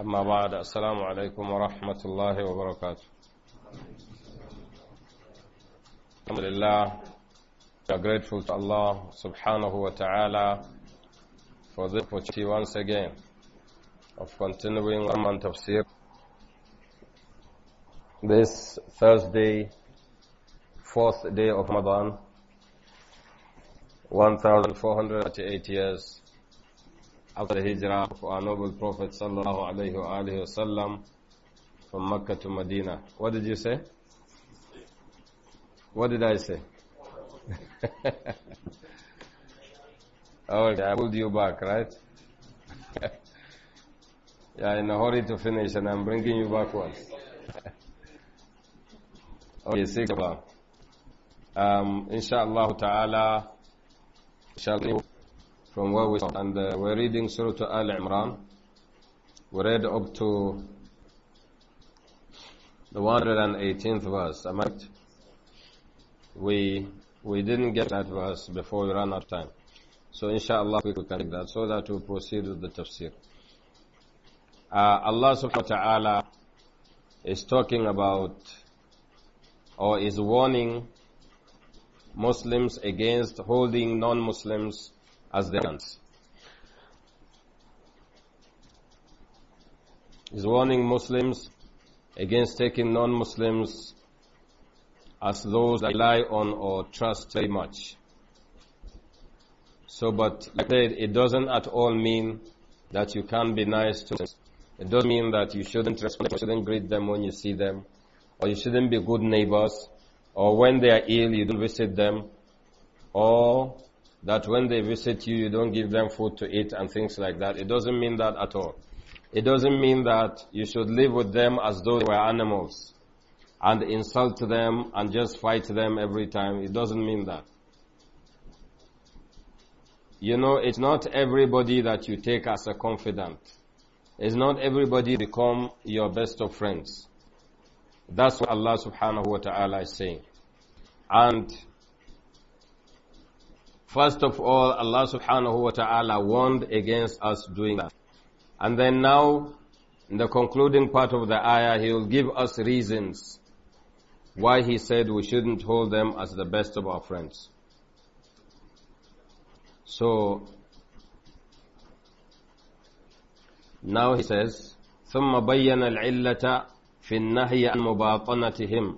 أما بعد السلام عليكم ورحمة الله وبركاته الحمد لله we are grateful to Allah subhanahu wa ta'ala for this opportunity once again of continuing our month of tafsir this Thursday fourth day of Ramadan 1438 years after the hijrah of our noble Prophet sallallahu alayhi wa alihi from Mecca to Medina. What did you say? What did I say? okay, oh, I pulled you back, right? yeah, in a hurry to finish and I'm bringing you backwards. okay, six. Um, inshallah ta'ala, Inshallah from where we start, And uh, we're reading Surah Al Imran. We read up to the 118th verse. Am I right? We, we didn't get that verse before we ran out of time. So inshallah we can take that so that we proceed with the tafsir. Uh, Allah subhanahu wa ta'ala is talking about or is warning Muslims against holding non-Muslims as their lands. Is warning Muslims against taking non-Muslims as those they rely on or trust very much. So, but like I said, it doesn't at all mean that you can't be nice to them. It doesn't mean that you shouldn't respect, you shouldn't greet them when you see them, or you shouldn't be good neighbors, or when they are ill, you don't visit them, or that when they visit you, you don't give them food to eat and things like that. It doesn't mean that at all. It doesn't mean that you should live with them as though they were animals and insult them and just fight them every time. It doesn't mean that. You know, it's not everybody that you take as a confidant. It's not everybody become your best of friends. That's what Allah subhanahu wa ta'ala is saying. And First of all, Allah subhanahu wa ta'ala warned against us doing that. And then now, in the concluding part of the ayah, He will give us reasons why He said we shouldn't hold them as the best of our friends. So, now He says, ثم بين العلة في النهي عن مباطنتهم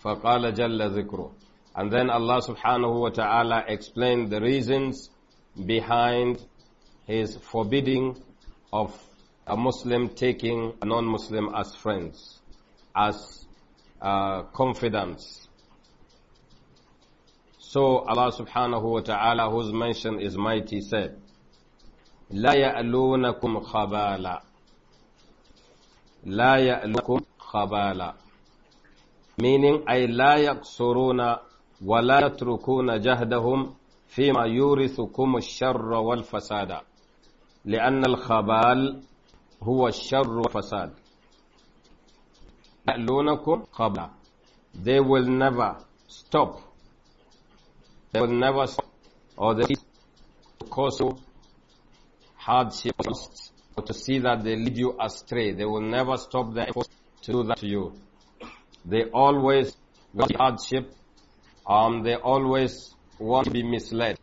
فقال جل ذكره and then Allah subhanahu wa ta'ala explained the reasons behind his forbidding of a Muslim taking a non-Muslim as friends, as uh, confidants. So Allah subhanahu wa ta'ala whose mention is mighty said, لا يألونكم خبالا لا يألونكم خبالا meaning "I لا يقصرون ولا يتركون جهدهم فيما يورثكم الشر والفساد لأن الخبال هو الشر والفساد يألونكم قبل they will never stop they will never stop or they will cause you hardship or to see that they lead you astray they will never stop their efforts to do that to you they always will hardship Um, they always want to be misled.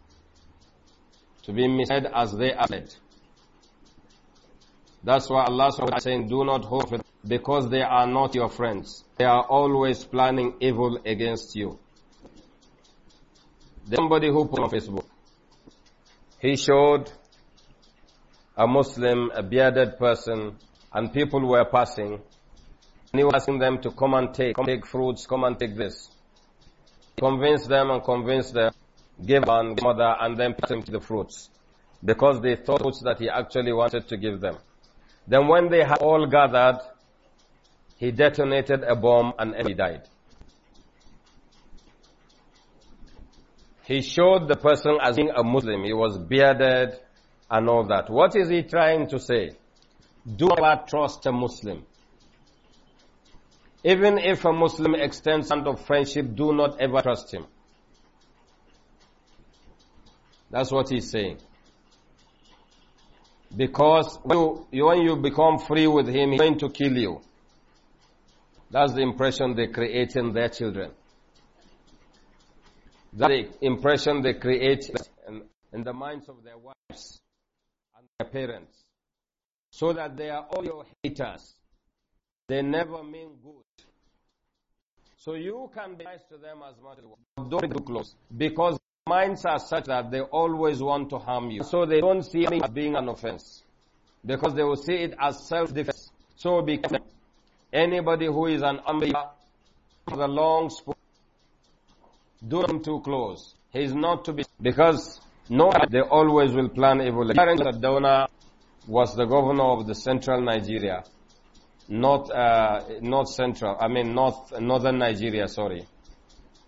To be misled as they are led. That's why Allah subhanahu wa ta'ala is saying, do not hope for them, because they are not your friends. They are always planning evil against you. There's somebody who put on Facebook, he showed a Muslim, a bearded person, and people were passing, and he was asking them to come and take, come and take fruits, come and take this. Convince them and convince them, gave and mother and then put them to the fruits. Because they thought that he actually wanted to give them. Then when they had all gathered, he detonated a bomb and he died. He showed the person as being a Muslim. He was bearded and all that. What is he trying to say? Do not trust a Muslim. Even if a Muslim extends hand of friendship, do not ever trust him. That's what he's saying. Because when you, when you become free with him, he's going to kill you. That's the impression they create in their children. That's the impression they create in, in the minds of their wives and their parents. So that they are all your haters. They never mean good. So you can be nice to them as much as you want. Don't be too close. Because minds are such that they always want to harm you. So they don't see it as being an offense. Because they will see it as self-defense. So be careful. Anybody who is an unbeliever with a long spoon, do not come too close. He is not to be, because no, they always will plan evil. Clarence Adona was the governor of the central Nigeria. North, uh, North Central, I mean North, Northern Nigeria, sorry.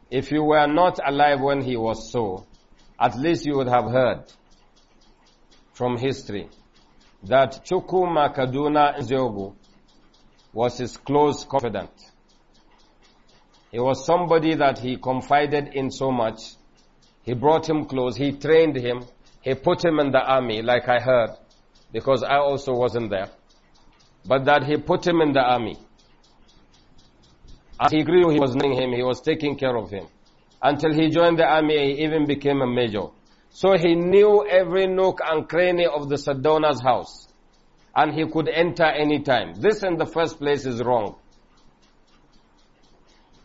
If you were not alive when he was so, at least you would have heard from history that Chukwuma Kaduna Nzogu was his close confidant. He was somebody that he confided in so much. He brought him close. He trained him. He put him in the army, like I heard, because I also wasn't there but that he put him in the army. he grew, he was knowing him, he was taking care of him. Until he joined the army, he even became a major. So he knew every nook and cranny of the Sadona's house. And he could enter any time. This in the first place is wrong.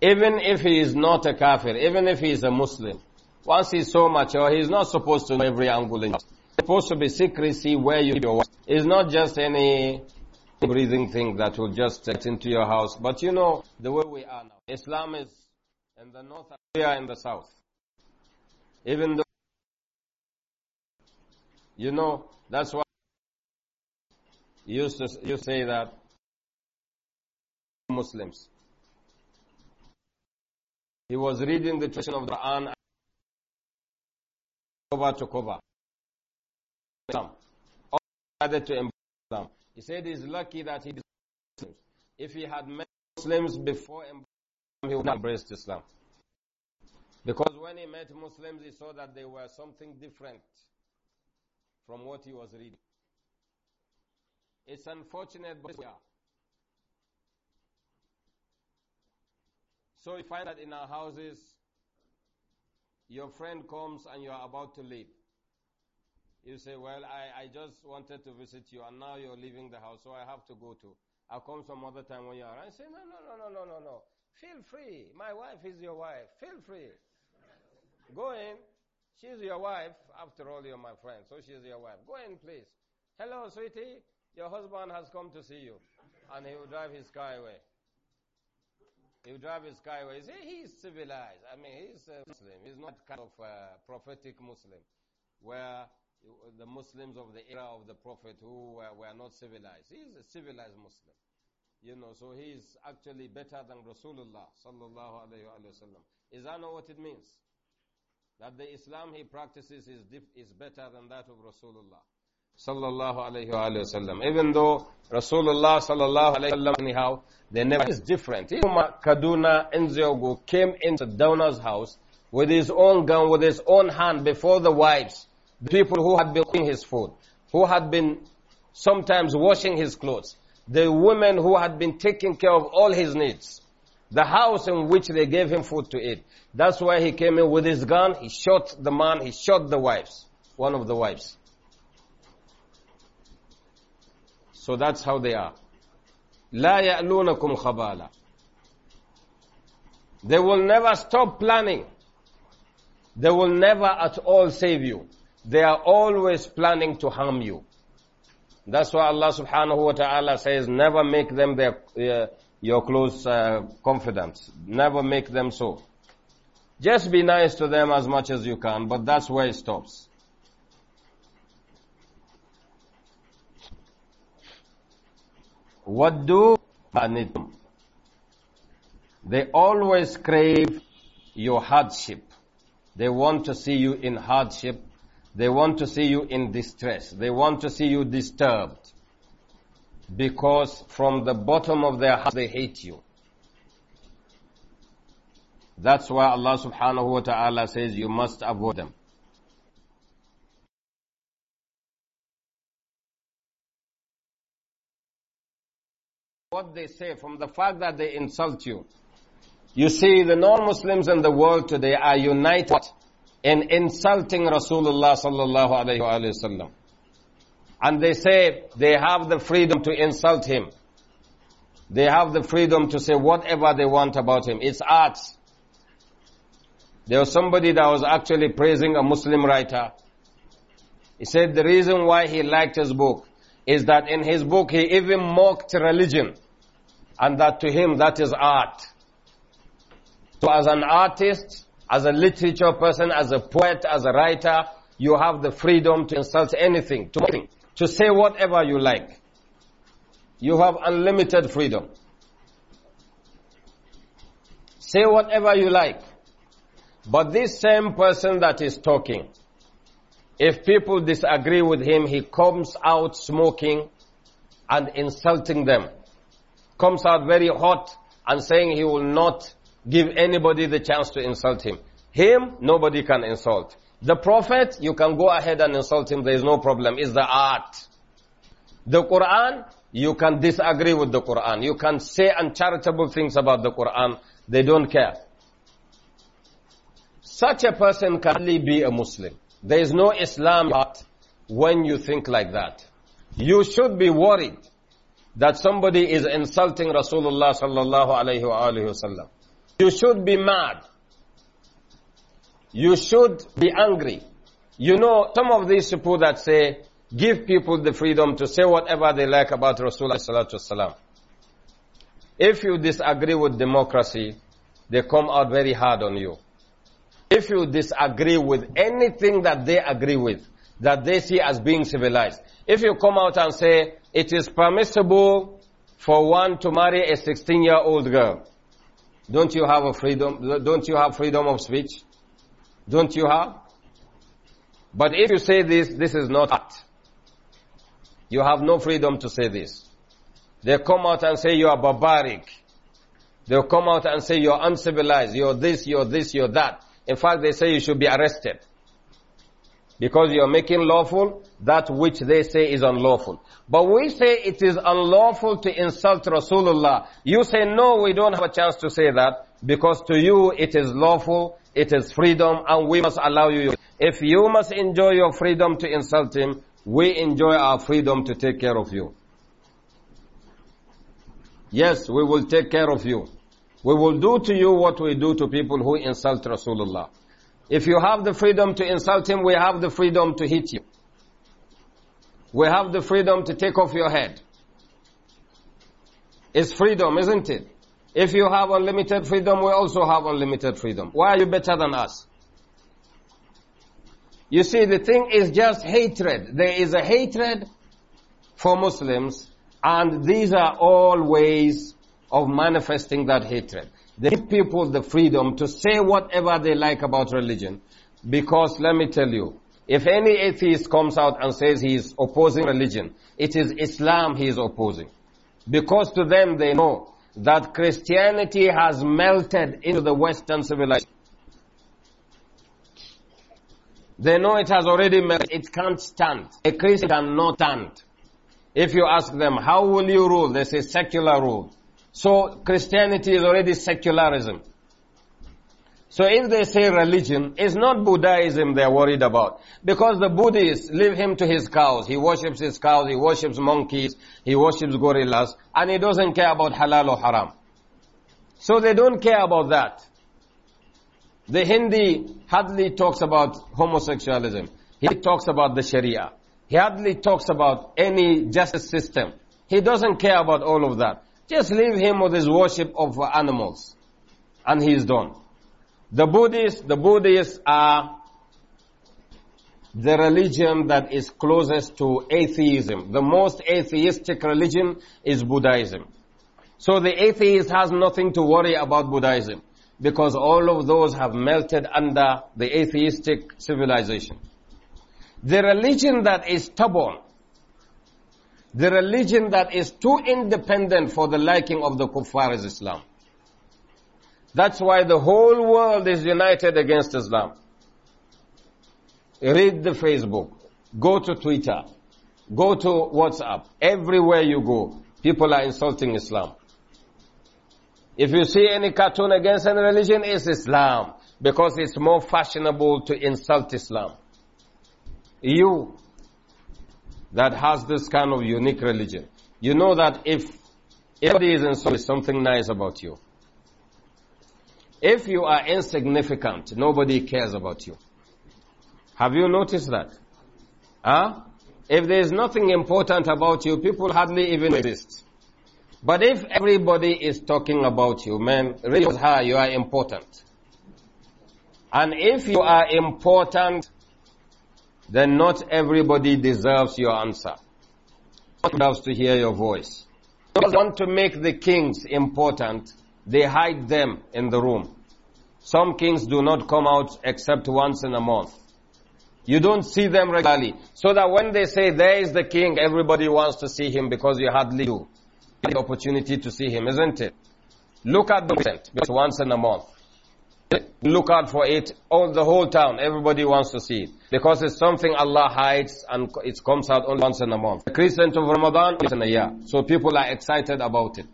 Even if he is not a kafir, even if he is a Muslim, once he's so mature, he's not supposed to know every angle in It's supposed to be secrecy where you your It's not just any breathing thing that will just get into your house. But you know the way we are now. Islam is in the north, we are in the south. Even though, you know, that's why you used to you say that Muslims. He was reading the tradition of the Quran cover to cover. Islam. All decided to embrace them. He said he's lucky that he Muslims. If he had met Muslims before he would have embraced Islam. Because when he met Muslims, he saw that they were something different from what he was reading. It's unfortunate, but we are. So we find that in our houses, your friend comes and you are about to leave. You say, well, I, I just wanted to visit you and now you're leaving the house, so I have to go to. I'll come some other time when you're I say, no, no, no, no, no, no, no. Feel free. My wife is your wife. Feel free. go in. She's your wife. After all, you're my friend, so she's your wife. Go in, please. Hello, sweetie. Your husband has come to see you. And he will drive his car away. He will drive his car away. See, he's civilized. I mean, he's a Muslim. He's not kind of a prophetic Muslim. Where the Muslims of the era of the Prophet who were, were not civilized. He is a civilized Muslim. You know, so he is actually better than Rasulullah sallallahu alayhi wa sallam. Is that not what it means? That the Islam he practices is, is better than that of Rasulullah sallallahu alayhi wa sallam. Even though Rasulullah sallallahu alayhi wa sallam, anyhow, they never is different. Umar Kaduna Nziogu came into Donor's house with his own gun, with his own hand before the wives the people who had been cooking his food, who had been sometimes washing his clothes, the women who had been taking care of all his needs, the house in which they gave him food to eat. That's why he came in with his gun, he shot the man, he shot the wives, one of the wives. So that's how they are. لا يألونكم خبالا. They will never stop planning. They will never at all save you. They are always planning to harm you. That's why Allah subhanahu wa ta'ala says, never make them their, uh, your close uh, confidants. Never make them so. Just be nice to them as much as you can, but that's where it stops. What do They always crave your hardship. They want to see you in hardship they want to see you in distress. They want to see you disturbed. Because from the bottom of their heart they hate you. That's why Allah subhanahu wa ta'ala says you must avoid them. What they say from the fact that they insult you. You see, the non-Muslims in the world today are united in insulting Rasulullah sallallahu alayhi wa sallam. And they say they have the freedom to insult him. They have the freedom to say whatever they want about him. It's art. There was somebody that was actually praising a Muslim writer. He said the reason why he liked his book is that in his book he even mocked religion. And that to him that is art. So as an artist, as a literature person, as a poet, as a writer, you have the freedom to insult anything, to, to say whatever you like. You have unlimited freedom. Say whatever you like. But this same person that is talking, if people disagree with him, he comes out smoking and insulting them. Comes out very hot and saying he will not give anybody the chance to insult him. Him, nobody can insult. The Prophet, you can go ahead and insult him, there is no problem. It's the art. The Quran, you can disagree with the Quran. You can say uncharitable things about the Quran. They don't care. Such a person can only be a Muslim. There is no Islam when you think like that. You should be worried that somebody is insulting Rasulullah sallallahu alayhi wa you should be mad. You should be angry. You know, some of these people that say, give people the freedom to say whatever they like about Rasulullah If you disagree with democracy, they come out very hard on you. If you disagree with anything that they agree with, that they see as being civilized, if you come out and say, it is permissible for one to marry a 16 year old girl, don't you have a freedom? Don't you have freedom of speech? Don't you have? But if you say this, this is not art. You have no freedom to say this. They come out and say you are barbaric. they come out and say you're uncivilized, you're this, you're this, you're that. In fact, they say you should be arrested. Because you're making lawful that which they say is unlawful. But we say it is unlawful to insult Rasulullah. You say, no, we don't have a chance to say that because to you it is lawful, it is freedom, and we must allow you. If you must enjoy your freedom to insult him, we enjoy our freedom to take care of you. Yes, we will take care of you. We will do to you what we do to people who insult Rasulullah. If you have the freedom to insult him, we have the freedom to hit you. We have the freedom to take off your head. It's freedom, isn't it? If you have unlimited freedom, we also have unlimited freedom. Why are you better than us? You see, the thing is just hatred. There is a hatred for Muslims, and these are all ways of manifesting that hatred. They give people the freedom to say whatever they like about religion. Because let me tell you, if any atheist comes out and says he is opposing religion, it is Islam he is opposing. Because to them they know that Christianity has melted into the Western civilization. They know it has already melted. It can't stand. A Christian cannot stand. If you ask them, how will you rule? They say secular rule. So Christianity is already secularism. So if they say religion, it's not Buddhism they're worried about. Because the Buddhists leave him to his cows. He worships his cows, he worships monkeys, he worships gorillas, and he doesn't care about halal or haram. So they don't care about that. The Hindi hardly talks about homosexuality. He talks about the Sharia. He hardly talks about any justice system. He doesn't care about all of that. Just leave him with his worship of animals. And he's done. The Buddhists, the Buddhists are the religion that is closest to atheism. The most atheistic religion is Buddhism. So the atheist has nothing to worry about Buddhism because all of those have melted under the atheistic civilization. The religion that is stubborn the religion that is too independent for the liking of the kuffar is Islam. That's why the whole world is united against Islam. Read the Facebook. Go to Twitter. Go to WhatsApp. Everywhere you go, people are insulting Islam. If you see any cartoon against any religion, it's Islam. Because it's more fashionable to insult Islam. You, that has this kind of unique religion. You know that if everybody is in something nice about you. If you are insignificant, nobody cares about you. Have you noticed that? Huh? If there is nothing important about you, people hardly even exist. But if everybody is talking about you, man, realize how you are important. And if you are important, then not everybody deserves your answer. Not deserves to hear your voice. If you want to make the kings important, they hide them in the room. Some kings do not come out except once in a month. You don't see them regularly. So that when they say, there is the king, everybody wants to see him because you hardly do. The opportunity to see him, isn't it? Look at the present, because once in a month. Look out for it. All the whole town, everybody wants to see it. Because it's something Allah hides and it comes out only once in a month. The crescent of Ramadan is in a year. So people are excited about it.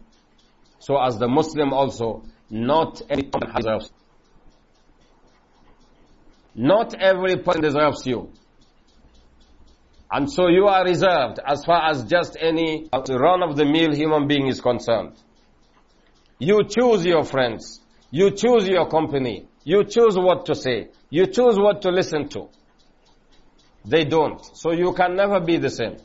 So as the Muslim also, not every person deserves. Not every person deserves you. And so you are reserved as far as just any run-of-the-mill human being is concerned. You choose your friends. You choose your company. You choose what to say. You choose what to listen to. They don't. So you can never be the same.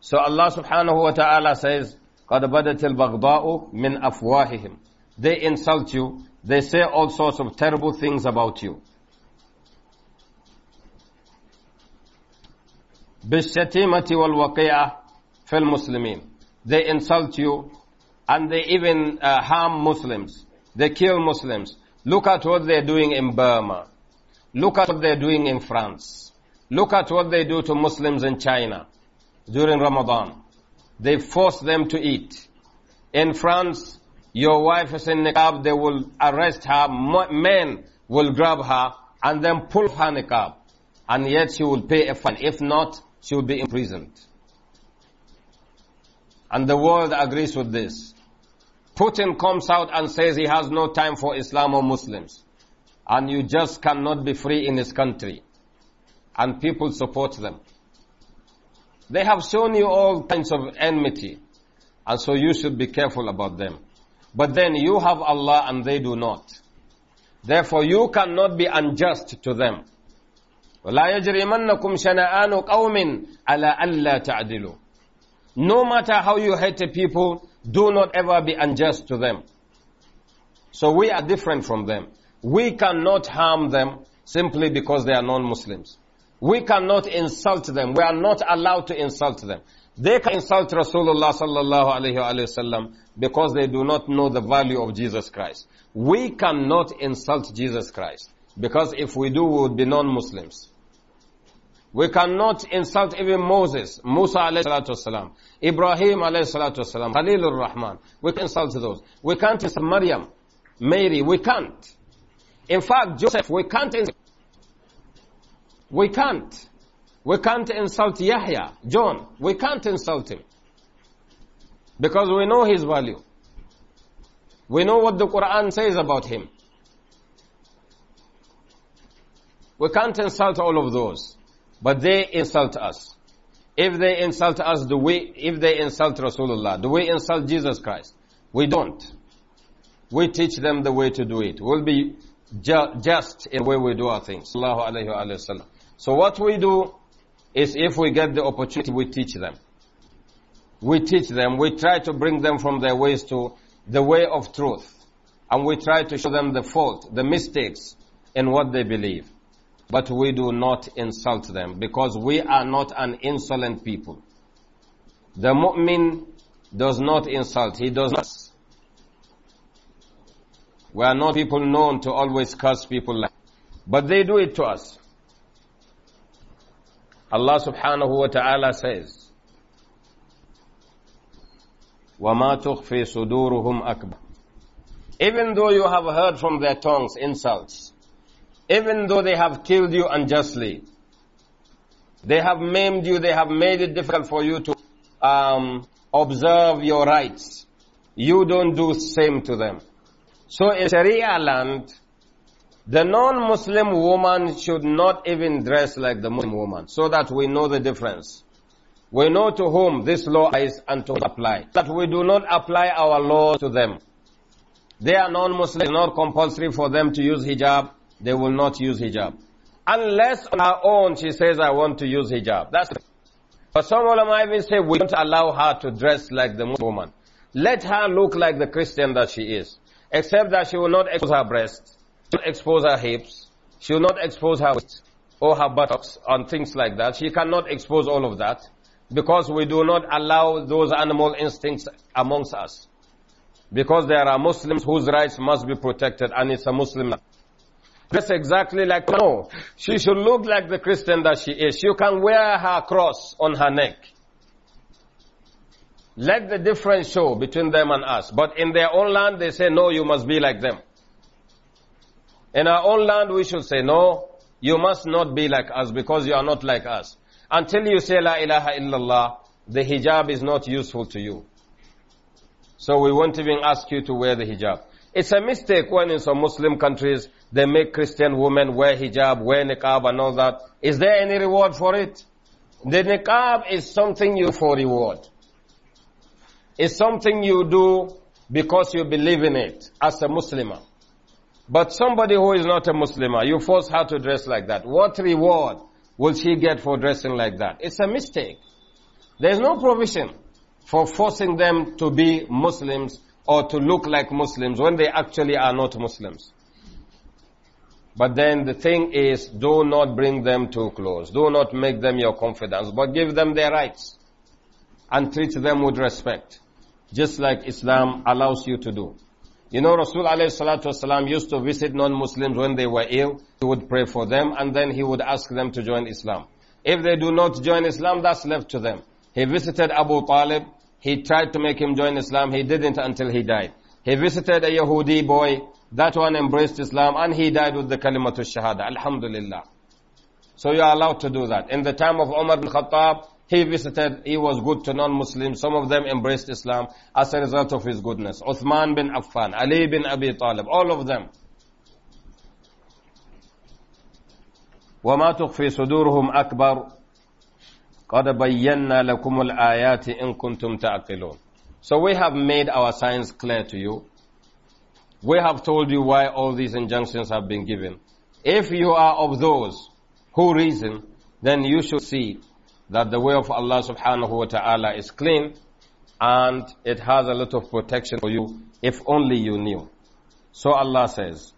So Allah subhanahu wa ta'ala says, قَدْ بَدَتِ الْبَغْضَاءُ مِنْ أَفْوَاهِهِمْ They insult you. They say all sorts of terrible things about you. بِالشَّتِيمَةِ وَالْوَقِيعَةِ فِي الْمُسْلِمِينَ they insult you and they even uh, harm Muslims. They kill Muslims. Look at what they're doing in Burma. Look at what they're doing in France. Look at what they do to Muslims in China during Ramadan. They force them to eat. In France, your wife is in niqab, they will arrest her, men will grab her and then pull her niqab. And yet she will pay a fine. If not, she will be imprisoned. And the world agrees with this. Putin comes out and says he has no time for Islam or Muslims. And you just cannot be free in his country. And people support them. They have shown you all kinds of enmity. And so you should be careful about them. But then you have Allah and they do not. Therefore you cannot be unjust to them. وَلَا يَجْرِمَنَّكُمْ شَنَآنُ قَوْمٍ عَلَىٰ أَلَّا تَعْدِلُوا no matter how you hate people, do not ever be unjust to them. So we are different from them. We cannot harm them simply because they are non-Muslims. We cannot insult them. We are not allowed to insult them. They can insult Rasulullah sallallahu alayhi because they do not know the value of Jesus Christ. We cannot insult Jesus Christ because if we do, we would be non-Muslims. We cannot insult even Moses, Musa alayhi salatu wasalam, Ibrahim alayhi salatu wasalam, Khalilur Rahman. We can insult those. We can't insult Maryam, Mary. We can't. In fact, Joseph, we can't insult. We can't. We can't insult Yahya, John. We can't insult him. Because we know his value. We know what the Quran says about him. We can't insult all of those. But they insult us. If they insult us, do we, if they insult Rasulullah, do we insult Jesus Christ? We don't. We teach them the way to do it. We'll be ju just in the way we do our things. So what we do is if we get the opportunity, we teach them. We teach them, we try to bring them from their ways to the way of truth. And we try to show them the fault, the mistakes in what they believe but we do not insult them because we are not an insolent people. The mu'min does not insult, he does not. We are not people known to always curse people like but they do it to us. Allah subhanahu wa ta'ala says, وَمَا تُخْفِي صُدُورُهُمْ أَكْبَرُ Even though you have heard from their tongues insults, even though they have killed you unjustly, they have maimed you, they have made it difficult for you to um, observe your rights. You don't do same to them. So in Sharia land, the non-Muslim woman should not even dress like the Muslim woman, so that we know the difference. We know to whom this law is and to apply. That we do not apply our law to them. They are non It It's not compulsory for them to use hijab. They will not use hijab. Unless on her own she says, I want to use hijab. That's it. But some ulama even say, we don't allow her to dress like the Muslim woman. Let her look like the Christian that she is. Except that she will not expose her breasts, she will expose her hips, she will not expose her waist or her buttocks and things like that. She cannot expose all of that because we do not allow those animal instincts amongst us. Because there are Muslims whose rights must be protected and it's a Muslim land dress exactly like, no, she should look like the Christian that she is. You can wear her cross on her neck. Let the difference show between them and us. But in their own land, they say, no, you must be like them. In our own land, we should say, no, you must not be like us because you are not like us. Until you say La ilaha illallah, the hijab is not useful to you. So we won't even ask you to wear the hijab. It's a mistake when in some Muslim countries they make Christian women wear hijab, wear niqab and all that. Is there any reward for it? The niqab is something you for reward. It's something you do because you believe in it as a Muslimah. But somebody who is not a Muslimah, you force her to dress like that. What reward will she get for dressing like that? It's a mistake. There's no provision for forcing them to be Muslims or to look like Muslims when they actually are not Muslims. But then the thing is, do not bring them too close. Do not make them your confidants, but give them their rights and treat them with respect, just like Islam allows you to do. You know, Rasul alayhi used to visit non-Muslims when they were ill. He would pray for them and then he would ask them to join Islam. If they do not join Islam, that's left to them. He visited Abu Talib. He tried to make him join Islam. He didn't until he died. He visited a Yahudi boy that one embraced Islam and he died with the kalimatul shahada. Alhamdulillah. So you are allowed to do that. In the time of Umar bin Khattab, he visited, he was good to non-Muslims. Some of them embraced Islam as a result of his goodness. Uthman bin Affan, Ali bin Abi Talib, all of them. وما تخفي صدورهم أكبر قد بينا لكم الآيات إن كنتم تعقلون So we have made our signs clear to you we have told you why all these injunctions have been given. If you are of those who reason, then you should see that the way of Allah subhanahu wa ta'ala is clean and it has a lot of protection for you if only you knew. So Allah says,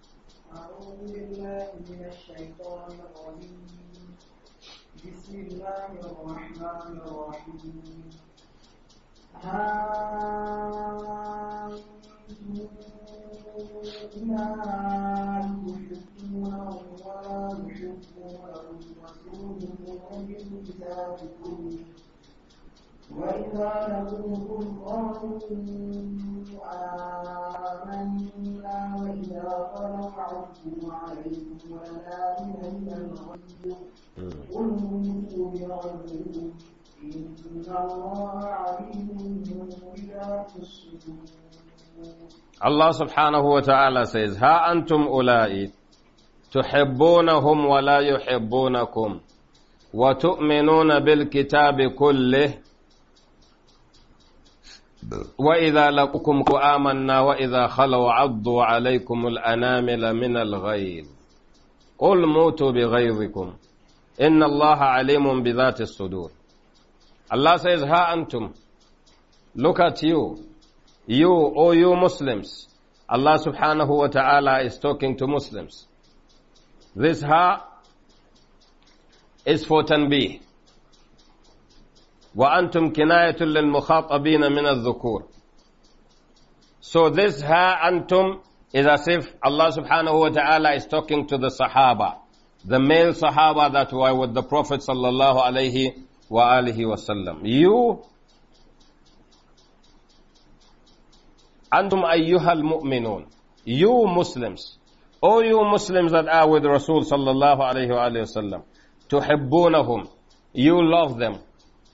الناس يحبون الله يحبونهم رسوله يؤمن بالكتاب كله وإذا لقوكم قالوا آمنا وإذا خلوا عرضوا عليكم ونادوا من قل انتم بعلمكم إن الله عليم بذات الصدور Allah subhanahu wa ta’ala sai ha an tum ula’i, tuhibbunahum wa la yuhibbunakum wa tu'minuna bil kitabi kulli wa idza laqukum qamanna wa idza khalu 'addu 'alaykum al anamil min al ghayl qul mutu bi ghayzikum inna allaha 'alimun bi dhati as sudur allah says ha antum look at you You, O you Muslims. Allah subhanahu wa ta'ala is talking to Muslims. This ha is for tanbih. وأنتم كناية للمخاطبين من الذكور. So this ha antum is as if Allah subhanahu wa ta'ala is talking to the Sahaba, the male Sahaba that were with the Prophet sallallahu alayhi wa alihi wasallam. You Antum ayyuhal mu'minun. You Muslims. all you Muslims that are with Rasul sallallahu alayhi wa sallam. Tuhibbunahum. You love them.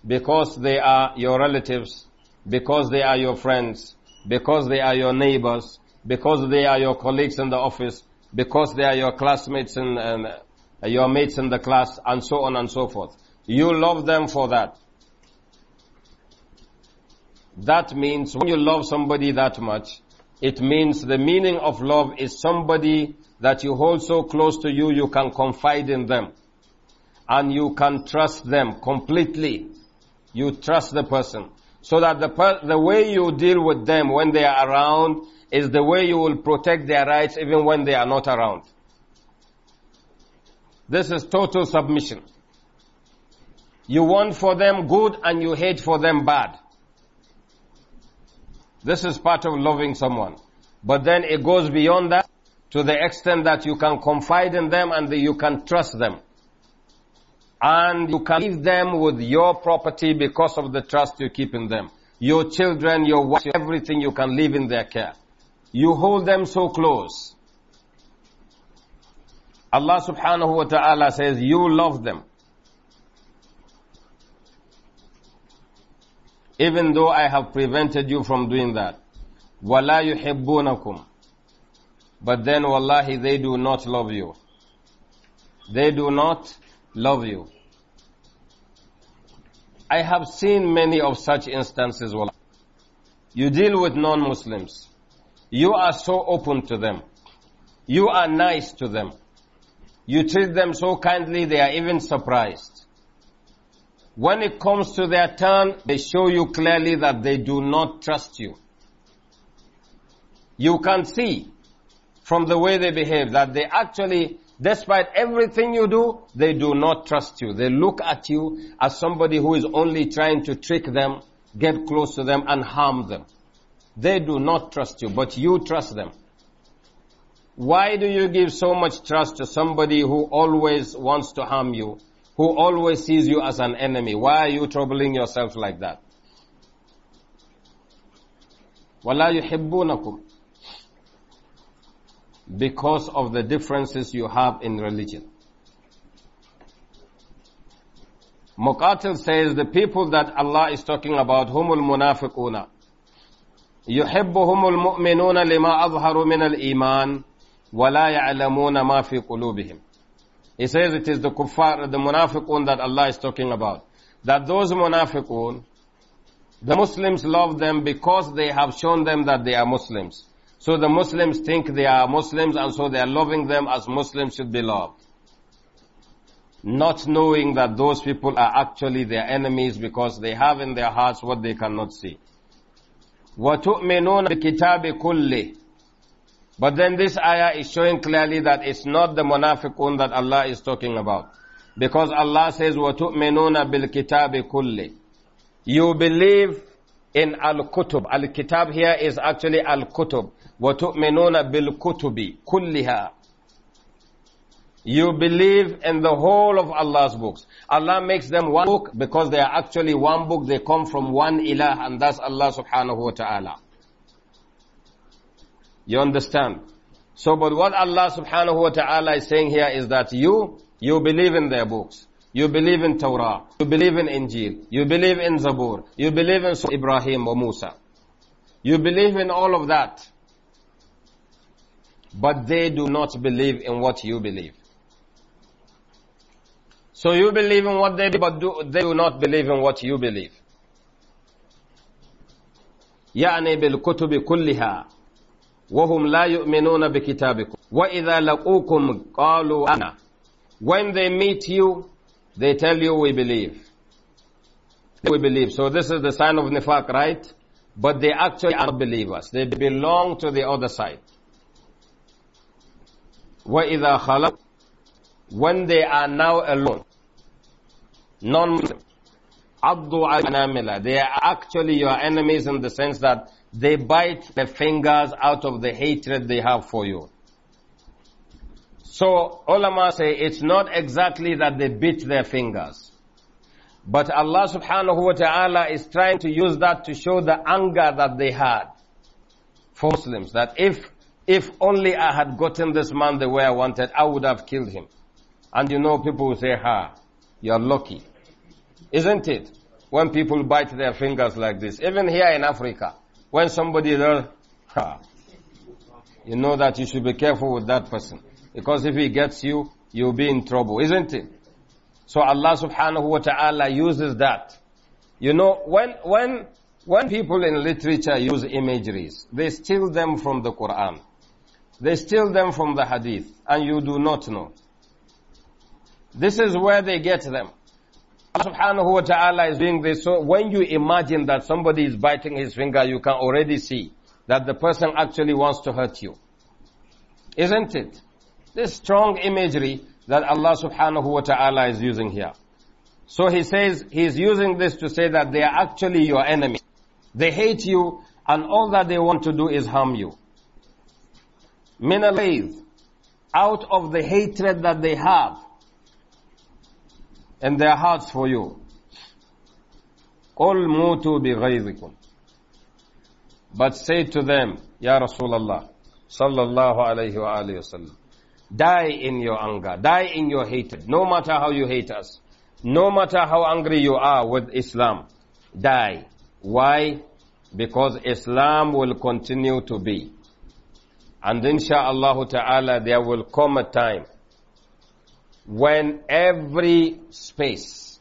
Because they are your relatives. Because they are your friends. Because they are your neighbors. Because they are your colleagues in the office. Because they are your classmates and, and uh, your mates in the class. And so on and so forth. You love them for that. That means when you love somebody that much, it means the meaning of love is somebody that you hold so close to you, you can confide in them. And you can trust them completely. You trust the person. So that the, per the way you deal with them when they are around is the way you will protect their rights even when they are not around. This is total submission. You want for them good and you hate for them bad. This is part of loving someone. But then it goes beyond that to the extent that you can confide in them and you can trust them. And you can leave them with your property because of the trust you keep in them. Your children, your wife, everything you can leave in their care. You hold them so close. Allah subhanahu wa ta'ala says, you love them. even though I have prevented you from doing that. وَلَا يُحِبُّونَكُمْ But then, wallahi, they do not love you. They do not love you. I have seen many of such instances, wallahi. You deal with non-Muslims. You are so open to them. You are nice to them. You treat them so kindly, they are even surprised. When it comes to their turn, they show you clearly that they do not trust you. You can see from the way they behave that they actually, despite everything you do, they do not trust you. They look at you as somebody who is only trying to trick them, get close to them and harm them. They do not trust you, but you trust them. Why do you give so much trust to somebody who always wants to harm you who always sees you as an enemy. Why are you troubling yourself like that? Because of the differences you have in religion. Muqatil says the people that Allah is talking about, humul munafiquna. lima azharu min al iman, wa la yalamuna ma fi qulubihim. He says it is the kuffar, the munafiqun that Allah is talking about. That those munafiqun, the Muslims love them because they have shown them that they are Muslims. So the Muslims think they are Muslims and so they are loving them as Muslims should be loved. Not knowing that those people are actually their enemies because they have in their hearts what they cannot see. وَتُؤْمِنُونَ بِكِتَابِ كُلِّهِ but then this ayah is showing clearly that it's not the munafiqun that Allah is talking about. Because Allah says, وَتُؤْمِنُونَ بِالْكِتَابِ كُلِّ You believe in al-kutub. Al-kitab here is actually al-kutub. وَتُؤْمِنُونَ بِالْكُتُبِ كُلِّهَا You believe in the whole of Allah's books. Allah makes them one book because they are actually one book. They come from one ilah and that's Allah subhanahu wa ta'ala. You understand? So, but what Allah subhanahu wa ta'ala is saying here is that you, you believe in their books. You believe in Torah. You believe in Injil. You believe in Zabur. You believe in Ibrahim or Musa. You believe in all of that. But they do not believe in what you believe. So you believe in what they do, but do, they do not believe in what you believe. يعني بالكتب كلها وهم لا يؤمنون بكتابكم وإذا لقوكم قالوا أنا when they meet you they tell you we believe we believe so this is the sign of nifaq right but they actually are believers they belong to the other side وإذا خلق when they are now alone non-Muslim they are actually your enemies in the sense that they bite the fingers out of the hatred they have for you. So, ulama say it's not exactly that they bit their fingers. But Allah subhanahu wa ta'ala is trying to use that to show the anger that they had for Muslims. That if, if only I had gotten this man the way I wanted, I would have killed him. And you know people will say, ha, you're lucky. Isn't it? When people bite their fingers like this. Even here in Africa. When somebody does, ha, you know that you should be careful with that person. Because if he gets you, you'll be in trouble, isn't it? So Allah subhanahu wa ta'ala uses that. You know, when, when, when people in literature use imageries, they steal them from the Quran. They steal them from the Hadith, and you do not know. This is where they get them. Allah subhanahu wa ta'ala is doing this. So when you imagine that somebody is biting his finger, you can already see that the person actually wants to hurt you. Isn't it? This strong imagery that Allah subhanahu wa ta'ala is using here. So he says, he's using this to say that they are actually your enemy. They hate you and all that they want to do is harm you. Min out of the hatred that they have, and their hearts for you. قُلْ مُوتُوا بِغَيْظِكُمْ But say to them, Ya Allah, sallallahu alayhi wa alayhi wa sallam, die in your anger, die in your hatred, no matter how you hate us, no matter how angry you are with Islam, die. Why? Because Islam will continue to be. And inshaAllah ta'ala, there will come a time when every space,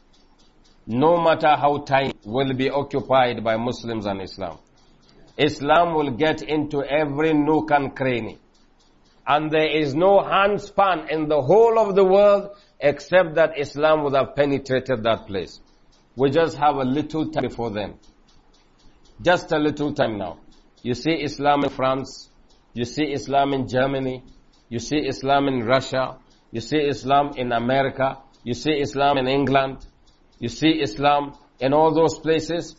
no matter how tiny, will be occupied by Muslims and Islam. Islam will get into every nook and cranny. And there is no handspan in the whole of the world except that Islam would have penetrated that place. We just have a little time before them. Just a little time now. You see Islam in France. You see Islam in Germany. You see Islam in Russia. You see Islam in America. You see Islam in England. You see Islam in all those places.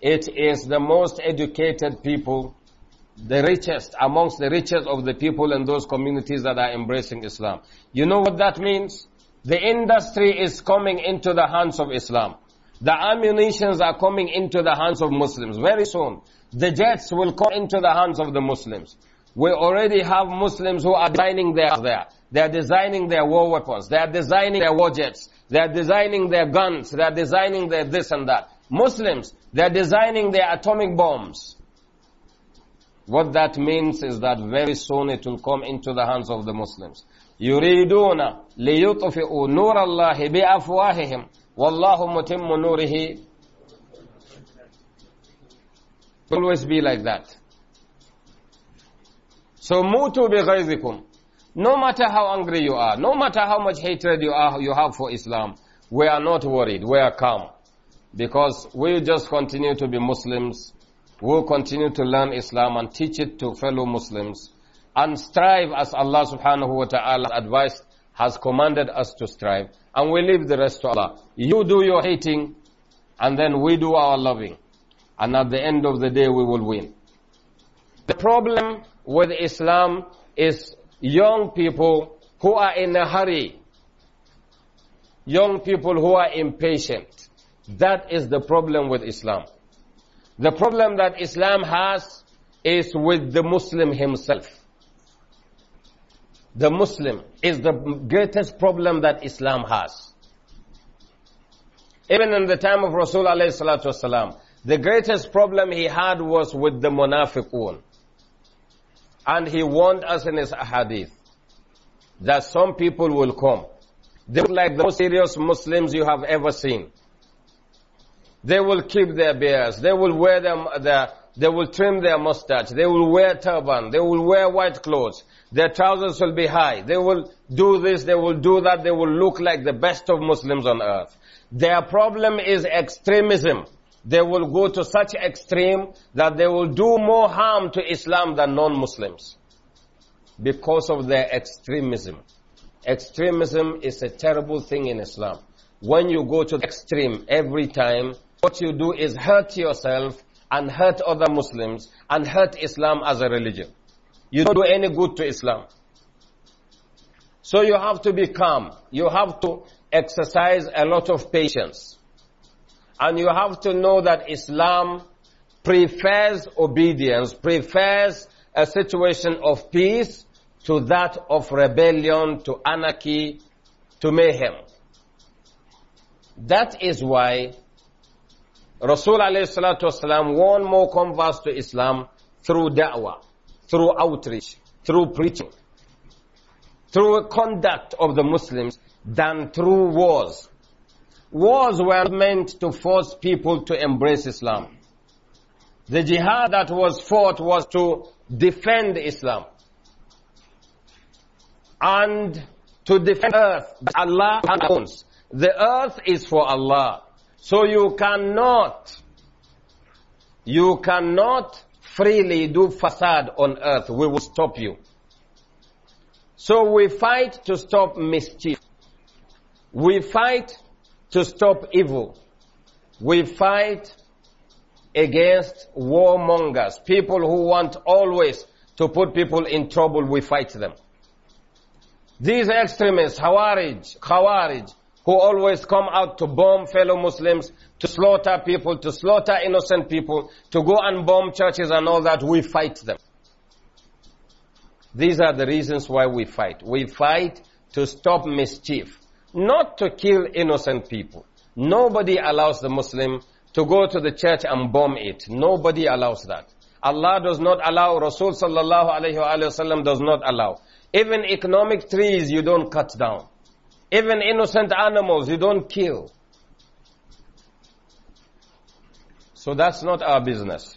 It is the most educated people, the richest, amongst the richest of the people in those communities that are embracing Islam. You know what that means? The industry is coming into the hands of Islam. The ammunitions are coming into the hands of Muslims very soon. The jets will come into the hands of the Muslims. We already have Muslims who are designing theirs there. They are designing their war weapons. They are designing their war jets. They are designing their guns. They are designing their this and that. Muslims, they are designing their atomic bombs. What that means is that very soon it will come into the hands of the Muslims. يريدون ليطفئوا نور الله بأفواههم والله متم نوره always be like that. So mutu bighayzikum. No matter how angry you are, no matter how much hatred you, are, you have for Islam, we are not worried, we are calm. Because we just continue to be Muslims, we'll continue to learn Islam and teach it to fellow Muslims, and strive as Allah subhanahu wa ta'ala advised, has commanded us to strive, and we leave the rest to Allah. You do your hating, and then we do our loving. And at the end of the day, we will win. The problem with Islam is young people who are in a hurry, young people who are impatient. That is the problem with Islam. The problem that Islam has is with the Muslim himself. The Muslim is the greatest problem that Islam has. Even in the time of Rasul alayhi salatu wasalam, the greatest problem he had was with the munafiqun. And he warned us in his hadith that some people will come. They look like the most serious Muslims you have ever seen. They will keep their beards. They will wear them, their, they will trim their mustache. They will wear turban. They will wear white clothes. Their trousers will be high. They will do this. They will do that. They will look like the best of Muslims on earth. Their problem is extremism they will go to such extreme that they will do more harm to Islam than non-Muslims because of their extremism. Extremism is a terrible thing in Islam. When you go to the extreme every time, what you do is hurt yourself and hurt other Muslims and hurt Islam as a religion. You don't do any good to Islam. So you have to be calm. You have to exercise a lot of patience. And you have to know that Islam prefers obedience, prefers a situation of peace to that of rebellion, to anarchy, to mayhem. That is why Rasul والسلام, warned more converts to Islam through da'wah, through outreach, through preaching, through conduct of the Muslims than through wars wars were meant to force people to embrace Islam. The jihad that was fought was to defend Islam. And to defend earth, Allah owns. The earth is for Allah. So you cannot, you cannot freely do facade on earth. We will stop you. So we fight to stop mischief. We fight to stop evil. We fight against warmongers, people who want always to put people in trouble, we fight them. These extremists, Hawarij, Khawarij, who always come out to bomb fellow Muslims, to slaughter people, to slaughter innocent people, to go and bomb churches and all that, we fight them. These are the reasons why we fight. We fight to stop mischief not to kill innocent people. Nobody allows the Muslim to go to the church and bomb it. Nobody allows that. Allah does not allow, Rasul sallallahu alayhi wa sallam does not allow. Even economic trees you don't cut down. Even innocent animals you don't kill. So that's not our business.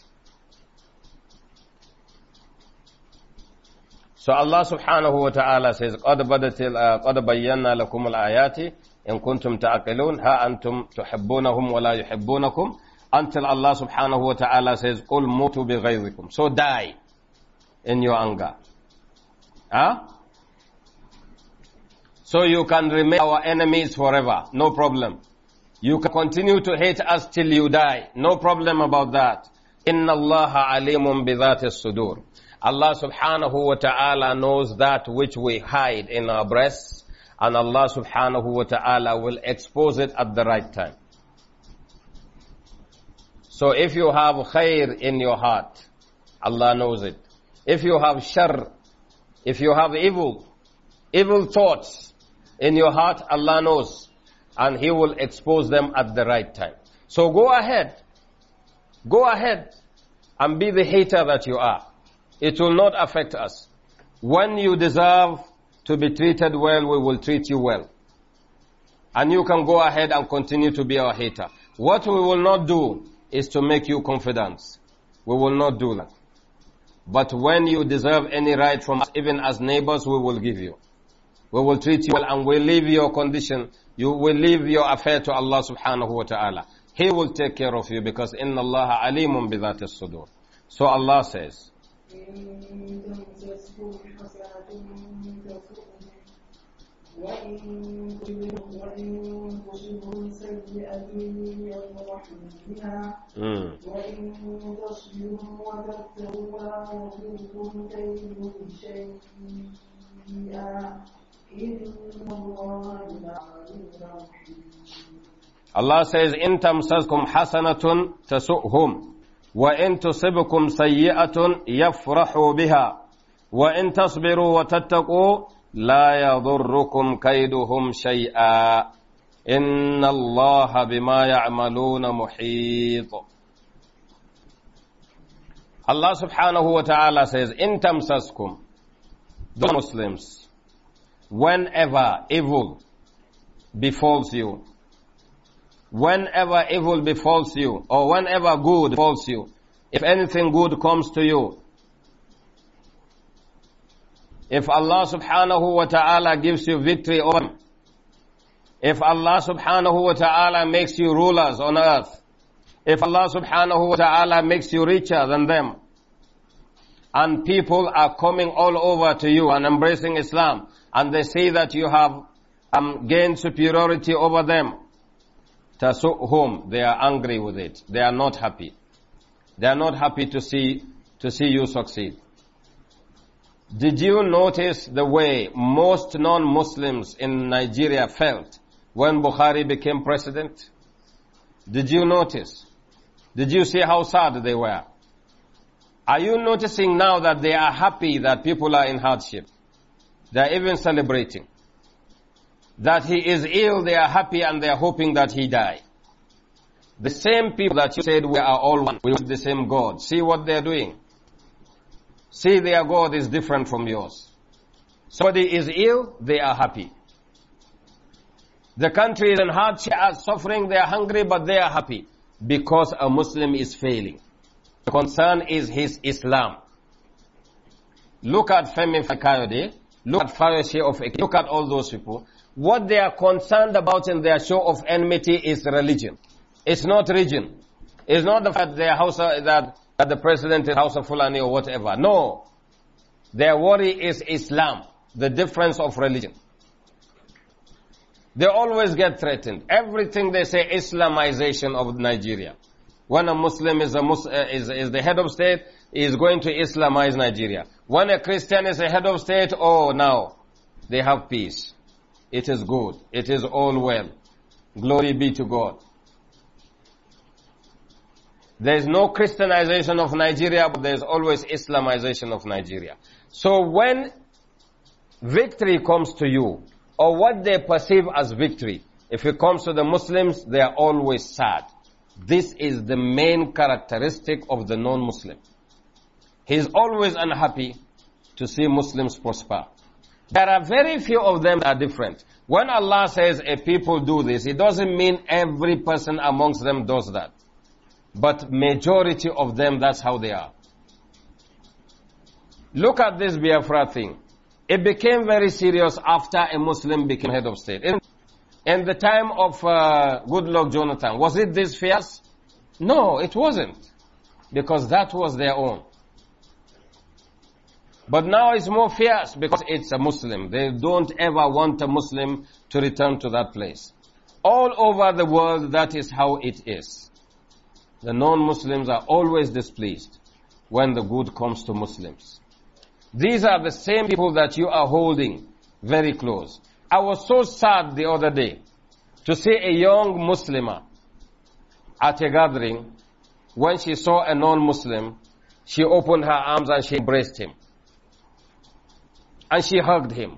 So Allah subhanahu wa ta'ala says, قَدْ, uh, قَدْ بَيَّنَّا لَكُمُ الْآيَاتِ إِن كُنْتُمْ تَعْقِلُونَ هَا أَنْتُمْ تُحِبُّونَهُمْ وَلَا يُحِبُّونَكُمْ Until Allah subhanahu wa ta'ala says, قُلْ مُوتُ بِغَيْظِكُمْ So die in your anger. Huh? So you can remain our enemies forever. No problem. You can continue to hate us till you die. No problem about that. إِنَّ اللَّهَ عَلِيمٌ بِذَاتِ الصُّدُورِ Allah subhanahu wa ta'ala knows that which we hide in our breasts and Allah subhanahu wa ta'ala will expose it at the right time. So if you have khair in your heart, Allah knows it. If you have shar, if you have evil, evil thoughts in your heart, Allah knows. And He will expose them at the right time. So go ahead. Go ahead and be the hater that you are. It will not affect us. When you deserve to be treated well, we will treat you well. And you can go ahead and continue to be our hater. What we will not do is to make you confidence. We will not do that. But when you deserve any right from us, even as neighbors, we will give you. We will treat you well and we leave your condition, you will leave your affair to Allah subhanahu wa ta'ala. He will take care of you because inna Allah alimun bi sudur. So Allah says, إن تمسسكم حسنة تسؤهم وإن تصبهم سيئة يفرحوا بها وإن تصبروا وتتقوا لا يضركم كيدهم شيئا Allah says, In tamsaskum hasanatun tasu'hum. وإن تصبكم سيئة يفرحوا بها وإن تصبروا وتتقوا لا يضركم كيدهم شيئا إن الله بما يعملون محيط الله سبحانه وتعالى says, إن تمسسكم the Muslims, whenever evil befalls you, whenever evil befalls you, or whenever good befalls you, if anything good comes to you, if Allah subhanahu wa ta'ala gives you victory over them, if Allah subhanahu wa ta'ala makes you rulers on earth, if Allah subhanahu wa ta'ala makes you richer than them, and people are coming all over to you and embracing Islam, and they say that you have um, gained superiority over them, whom they are angry with it. They are not happy. They are not happy to see, to see you succeed. Did you notice the way most non-Muslims in Nigeria felt when Buhari became president? Did you notice? Did you see how sad they were? Are you noticing now that they are happy that people are in hardship? They are even celebrating that he is ill, they are happy and they are hoping that he die. The same people that you said we are all one, we worship the same God. See what they are doing. See their God is different from yours. Somebody is ill, they are happy. The country is in hardship, are suffering, they are hungry, but they are happy because a Muslim is failing. The concern is his Islam. Look at Femi Fakayode, look at Pharisee of look at all those people. What they are concerned about in their show of enmity is religion. It's not religion. It's not the fact their house uh, that, that the president is House of Fulani or whatever. No. Their worry is Islam, the difference of religion. They always get threatened. Everything they say Islamization of Nigeria. When a Muslim is, a Mus uh, is, is the head of state, is going to Islamize Nigeria. When a Christian is the head of state, oh now, they have peace. It is good. It is all well. Glory be to God. There is no Christianization of Nigeria, but there is always Islamization of Nigeria. So when victory comes to you, or what they perceive as victory, if it comes to the Muslims, they are always sad. This is the main characteristic of the non-Muslim. He is always unhappy to see Muslims prosper. There are very few of them that are different. When Allah says a people do this, it doesn't mean every person amongst them does that. But majority of them, that's how they are. Look at this Biafra thing. It became very serious after a Muslim became head of state. In, in the time of uh, Goodluck Jonathan, was it this fierce? No, it wasn't. Because that was their own. But now it's more fierce because it's a Muslim. They don't ever want a Muslim to return to that place. All over the world, that is how it is. The non-Muslims are always displeased when the good comes to Muslims. These are the same people that you are holding very close. I was so sad the other day to see a young Muslim at a gathering when she saw a non-Muslim, she opened her arms and she embraced him. And she hugged him.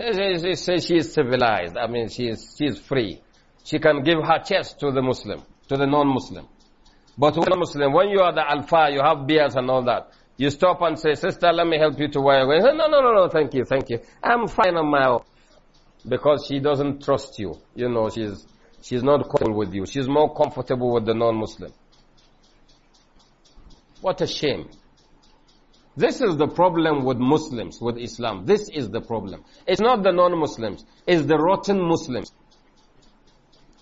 She, she, she, she is civilized. I mean, she is, she is free. She can give her chest to the Muslim, to the non-Muslim. But when a Muslim, when you are the alpha, you have beers and all that, you stop and say, sister, let me help you to wear away. No, no, no, no, thank you, thank you. I'm fine on my own. Because she doesn't trust you. You know, she's, she's not comfortable with you. She's more comfortable with the non-Muslim. What a shame. This is the problem with Muslims, with Islam. This is the problem. It's not the non-Muslims. It's the rotten Muslims.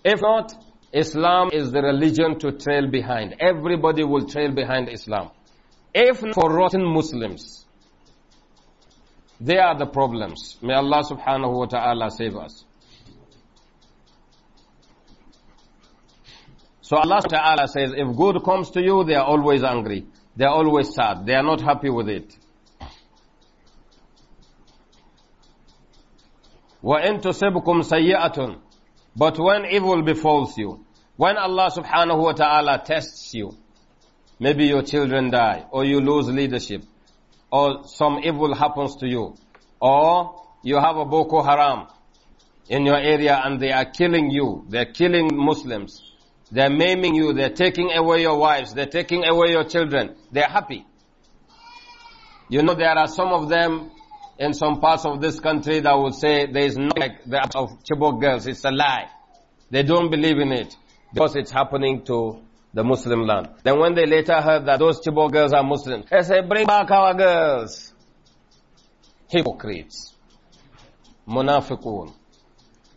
If not, Islam is the religion to trail behind. Everybody will trail behind Islam. If for rotten Muslims, they are the problems. May Allah subhanahu wa ta'ala save us. So Allah ta'ala says, if good comes to you, they are always angry. They are always sad. They are not happy with it. وَإِن تُصِبْكُمْ سَيِّئَةٌ But when evil befalls you, when Allah subhanahu wa ta'ala tests you, maybe your children die, or you lose leadership, or some evil happens to you, or you have a Boko Haram in your area and they are killing you, they're killing Muslims, they're maiming you. They're taking away your wives. They're taking away your children. They're happy. You know, there are some of them in some parts of this country that would say there is no like the of Chibok girls. It's a lie. They don't believe in it because it's happening to the Muslim land. Then when they later heard that those Chibok girls are Muslim, they say, bring back our girls. Hypocrites. Munafiqun.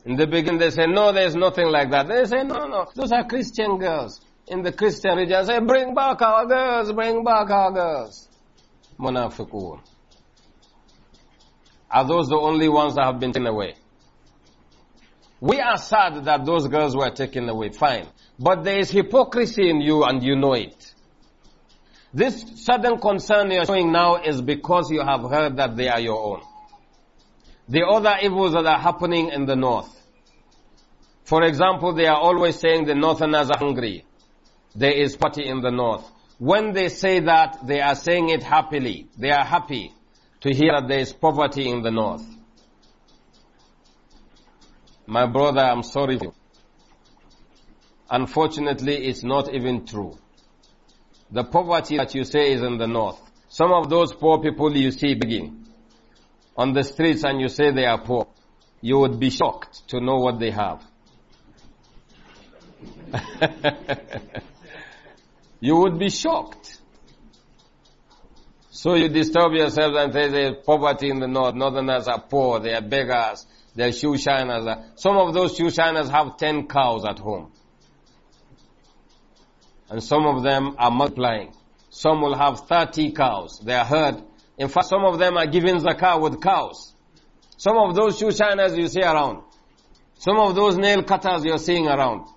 In the beginning they say, no, there's nothing like that. They say, no, no, those are Christian girls. In the Christian region say, bring back our girls, bring back our girls. Munafiqun. Are those the only ones that have been taken away? We are sad that those girls were taken away, fine. But there is hypocrisy in you and you know it. This sudden concern you're showing now is because you have heard that they are your own. The other evils that are happening in the north. For example, they are always saying the northerners are hungry. There is party in the north. When they say that, they are saying it happily. They are happy to hear that there is poverty in the north. My brother, I'm sorry. you. Unfortunately, it's not even true. The poverty that you say is in the north. Some of those poor people you see begging on the streets and you say they are poor, you would be shocked to know what they have. you would be shocked. So you disturb yourselves and say there's poverty in the north. Northerners are poor. They are beggars. They are shoe shiners. Some of those shoe shiners have ten cows at home. And some of them are multiplying. Some will have thirty cows. They are herd. In fact, some of them are giving zakah with cows. Some of those shoe shiners you see around. Some of those nail cutters you're seeing around.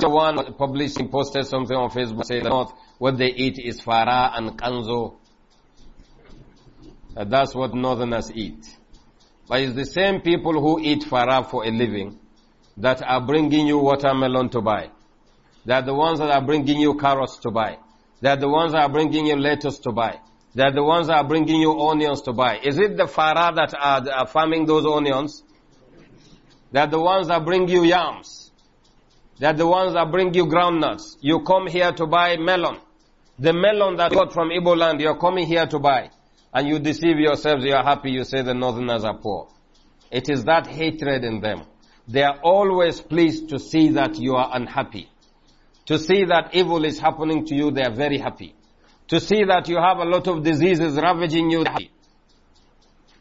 The one publishing posted something on Facebook saying North, what they eat is fara and kanzo. Uh, that's what Northerners eat. But it's the same people who eat fara for a living that are bringing you watermelon to buy. They're the ones that are bringing you carrots to buy. They're the ones that are bringing you lettuce to buy. They're the ones that are bringing you onions to buy. Is it the fara that are, are farming those onions? They're the ones that bring you yams. They're the ones that bring you groundnuts. You come here to buy melon. The melon that you got from Ibo land, you're coming here to buy. And you deceive yourselves, you're happy, you say the northerners are poor. It is that hatred in them. They are always pleased to see that you are unhappy. To see that evil is happening to you, they are very happy. To see that you have a lot of diseases ravaging you,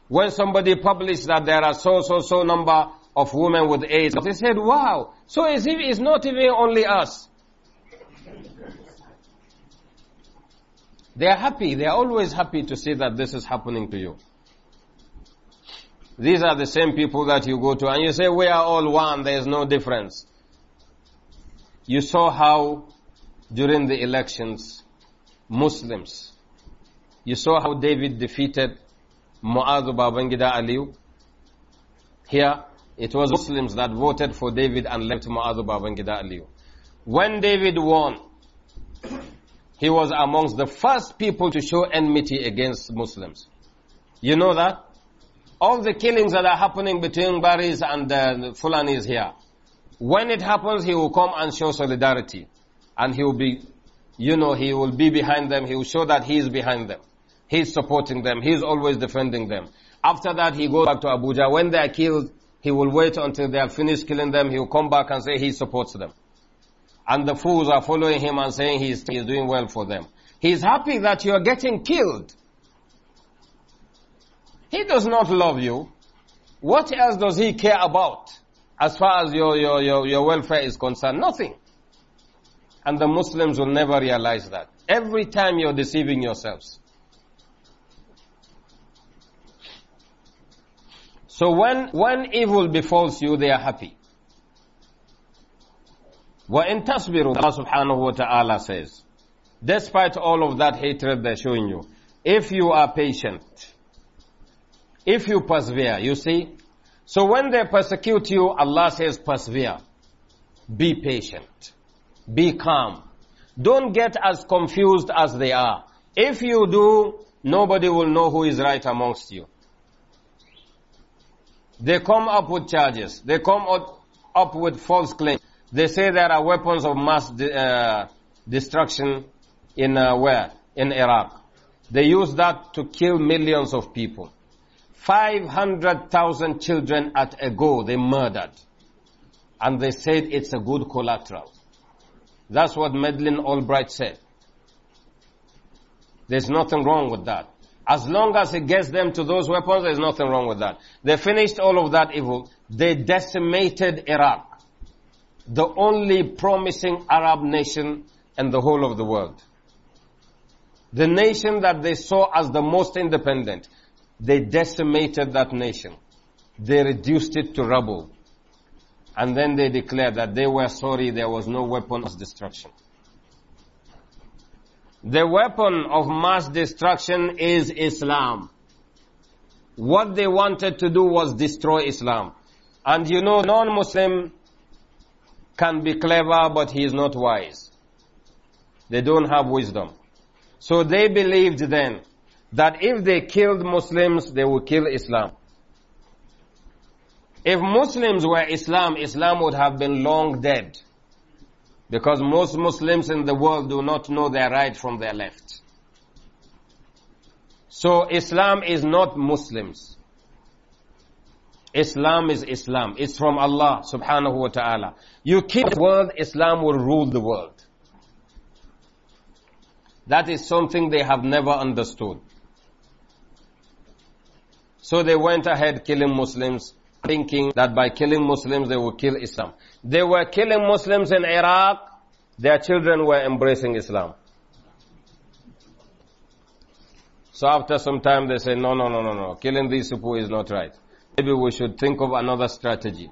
when somebody publishes that there are so, so, so number of women with AIDS. They said, wow, so as if it's not even only us. They are happy. They are always happy to see that this is happening to you. These are the same people that you go to and you say, we are all one. There is no difference. You saw how during the elections, Muslims, you saw how David defeated Mu'adh Babangida Aliu. here it was Muslims that voted for David and left Mu'adh Babangida Aliyu. When David won, he was amongst the first people to show enmity against Muslims. You know that? All the killings that are happening between Baris and uh, Fulanis here, when it happens, he will come and show solidarity. And he will be, you know, he will be behind them. He will show that he is behind them. He is supporting them. He is always defending them. After that, he goes back to Abuja. When they are killed, he will wait until they have finished killing them. He will come back and say he supports them. And the fools are following him and saying he is, he is doing well for them. He is happy that you are getting killed. He does not love you. What else does he care about as far as your, your, your, your welfare is concerned? Nothing. And the Muslims will never realize that. Every time you're deceiving yourselves. So when when evil befalls you, they are happy. وَإِن تَصْبِرُوا Allah subhanahu wa ta'ala says, despite all of that hatred they're showing you, if you are patient, if you persevere, you see? So when they persecute you, Allah says persevere. Be patient. Be calm. Don't get as confused as they are. If you do, nobody will know who is right amongst you. They come up with charges. They come up with false claims. They say there are weapons of mass de uh, destruction in uh, where? In Iraq. They use that to kill millions of people. 500,000 children at a go they murdered. And they said it's a good collateral. That's what Madeleine Albright said. There's nothing wrong with that. As long as he gets them to those weapons, there's nothing wrong with that. They finished all of that evil. They decimated Iraq. The only promising Arab nation in the whole of the world. The nation that they saw as the most independent. They decimated that nation. They reduced it to rubble. And then they declared that they were sorry there was no weapon of destruction. The weapon of mass destruction is Islam. What they wanted to do was destroy Islam. And you know, non-Muslim can be clever, but he is not wise. They don't have wisdom. So they believed then that if they killed Muslims, they would kill Islam. If Muslims were Islam, Islam would have been long dead. Because most Muslims in the world do not know their right from their left. So Islam is not Muslims. Islam is Islam. It's from Allah subhanahu wa ta'ala. You keep the world, Islam will rule the world. That is something they have never understood. So they went ahead killing Muslims, thinking that by killing Muslims they will kill Islam. They were killing Muslims in Iraq, their children were embracing Islam. So after some time they say, no, no, no, no, no, killing these people is not right. Maybe we should think of another strategy.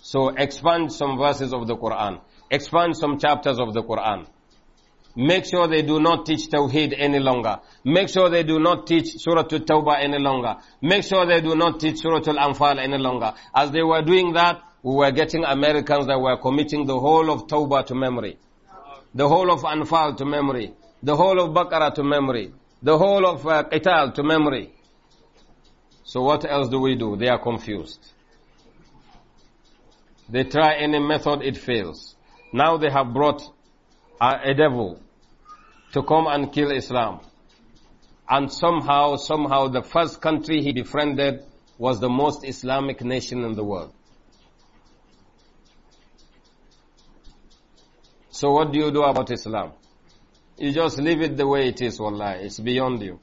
So expand some verses of the Quran. Expand some chapters of the Quran. Make sure they do not teach Tawheed any longer. Make sure they do not teach Surah Al-Tawbah any longer. Make sure they do not teach Surah Al-Anfal any longer. As they were doing that, we were getting Americans that were committing the whole of Tawbah to memory. The whole of Anfal to memory. The whole of Baqarah to memory. The whole of uh, Qital to memory. So what else do we do? They are confused. They try any method, it fails. Now they have brought a devil to come and kill Islam. And somehow, somehow the first country he befriended was the most Islamic nation in the world. So what do you do about Islam? You just leave it the way it is, wallah. It's beyond you.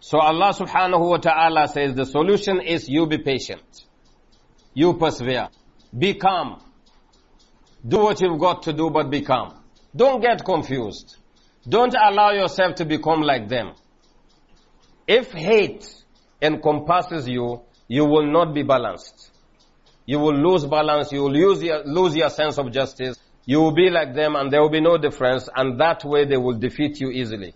So Allah subhanahu wa ta'ala says the solution is you be patient. You persevere. Be calm. Do what you've got to do, but be calm. Don't get confused. Don't allow yourself to become like them. If hate encompasses you, you will not be balanced. You will lose balance, you will lose your, lose your sense of justice, you will be like them and there will be no difference and that way they will defeat you easily.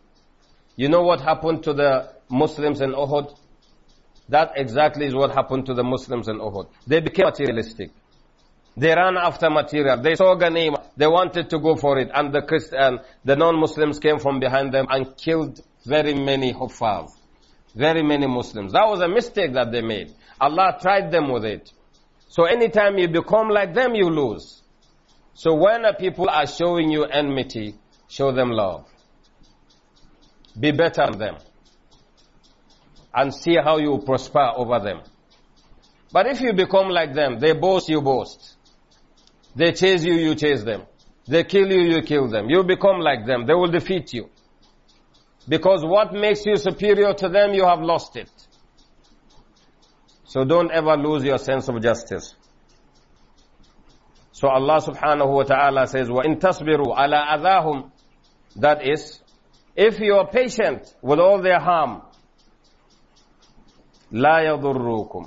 You know what happened to the Muslims in Uhud? That exactly is what happened to the Muslims in Uhud. They became materialistic. They ran after material. They saw Ghanima. They wanted to go for it. And the Christ the non-Muslims came from behind them and killed very many Huffaz. Very many Muslims. That was a mistake that they made. Allah tried them with it. So anytime you become like them, you lose. So when people are showing you enmity, show them love. Be better than them and see how you prosper over them. But if you become like them, they boast, you boast. They chase you, you chase them. They kill you, you kill them. You become like them, they will defeat you. Because what makes you superior to them, you have lost it. So don't ever lose your sense of justice. So Allah subhanahu wa ta'ala says, وَإِن تَصْبِرُوا عَلَىٰ أَذَاهُمْ That is, if you are patient with all their harm, لا يضركم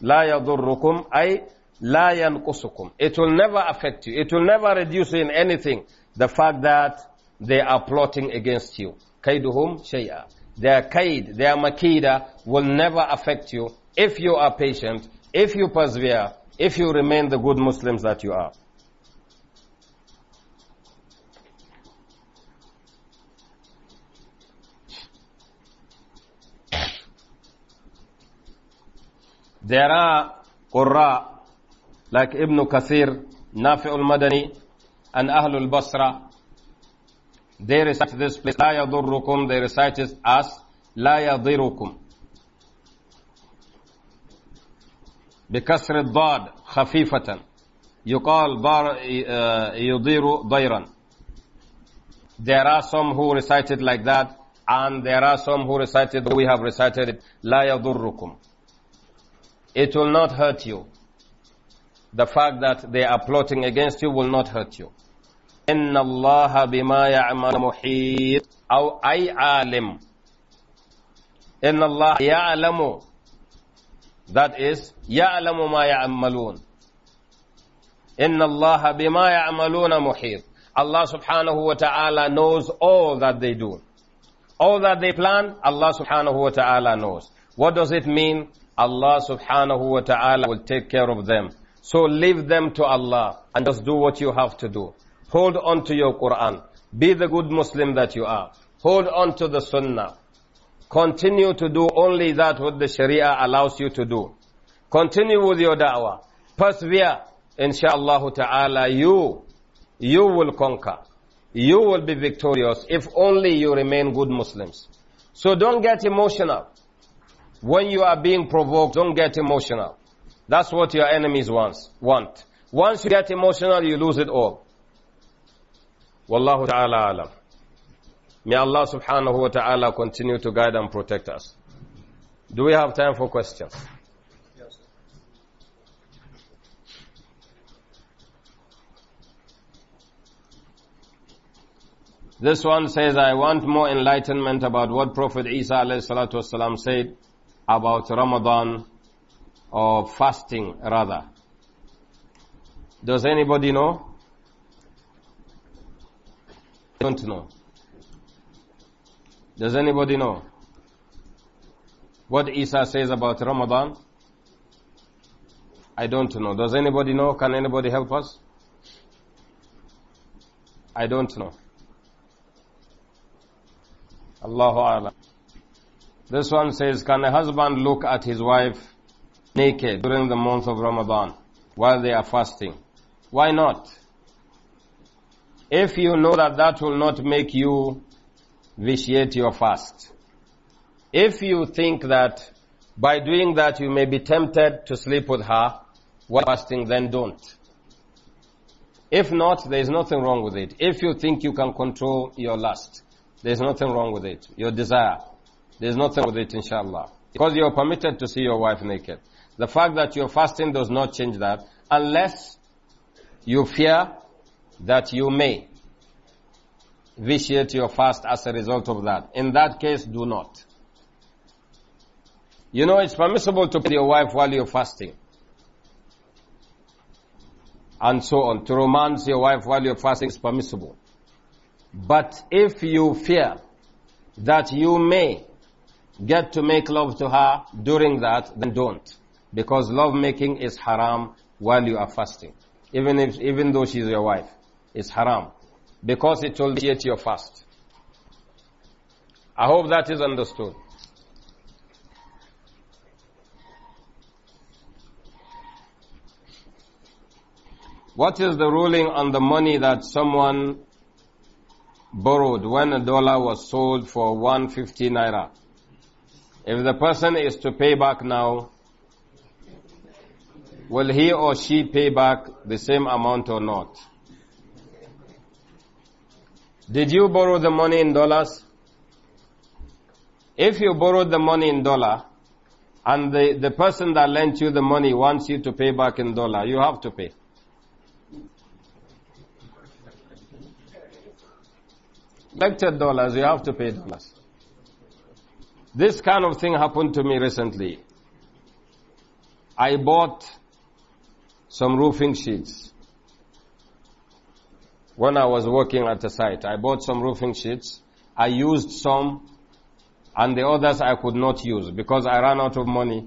لا يضركم أي لا ينقصكم. It will never affect you. It will never reduce in anything the fact that they are plotting against you. كيدهم shay'a. Their kaid, their makida will never affect you if you are patient, if you persevere, if you remain the good Muslims that you are. There are qurra like Ibn Kathir, Nafi al-Madani, and Ahlul Basra. They recite this place, La yadurrukum, they recite it as La yadirukum. بكسر الضاد خفيفة يقال ضار يضير ضيرا There are some who recite it like that and there are some who recite it we have recited it لا يضركم It will not hurt you. The fact that they are plotting against you will not hurt you. إن الله بما يعمل محيط أو أي عالم إن الله يعلم that is يعلم ما يعملون إن الله بما يعملون محيط Allah subhanahu wa ta'ala knows all that they do. All that they plan, Allah subhanahu wa ta'ala knows. What does it mean? Allah subhanahu wa ta'ala will take care of them. So leave them to Allah and just do what you have to do. Hold on to your Quran. Be the good Muslim that you are. Hold on to the Sunnah. Continue to do only that what the Sharia allows you to do. Continue with your da'wah. Persevere. Insha'Allah ta'ala, you, you will conquer. You will be victorious if only you remain good Muslims. So don't get emotional. When you are being provoked, don't get emotional. That's what your enemies wants, want. Once you get emotional, you lose it all. Wallahu ta'ala alam. May Allah subhanahu wa ta'ala continue to guide and protect us. Do we have time for questions? Yes. This one says, I want more enlightenment about what Prophet Isa alayhi salatu wasalam said about Ramadan or fasting rather. Does anybody know? Don't know. Does anybody know? What Isa says about Ramadan? I don't know. Does anybody know? Can anybody help us? I don't know. Allahu this one says, can a husband look at his wife naked during the month of Ramadan while they are fasting? Why not? If you know that that will not make you vitiate your fast. If you think that by doing that you may be tempted to sleep with her while fasting, then don't. If not, there is nothing wrong with it. If you think you can control your lust, there is nothing wrong with it, your desire. There's nothing with it, inshallah. Because you're permitted to see your wife naked. The fact that you're fasting does not change that unless you fear that you may vitiate your fast as a result of that. In that case, do not. You know, it's permissible to pray your wife while you're fasting. And so on. To romance your wife while you're fasting is permissible. But if you fear that you may get to make love to her during that, then don't. Because love making is haram while you are fasting. Even if, even though she's your wife, it's haram. Because it will eat your fast. I hope that is understood. What is the ruling on the money that someone borrowed when a dollar was sold for 150 naira? If the person is to pay back now, will he or she pay back the same amount or not? Did you borrow the money in dollars? If you borrowed the money in dollar, and the, the person that lent you the money wants you to pay back in dollar, you have to pay. Lecture dollars, you have to pay dollars. This kind of thing happened to me recently. I bought some roofing sheets when I was working at the site. I bought some roofing sheets. I used some and the others I could not use because I ran out of money.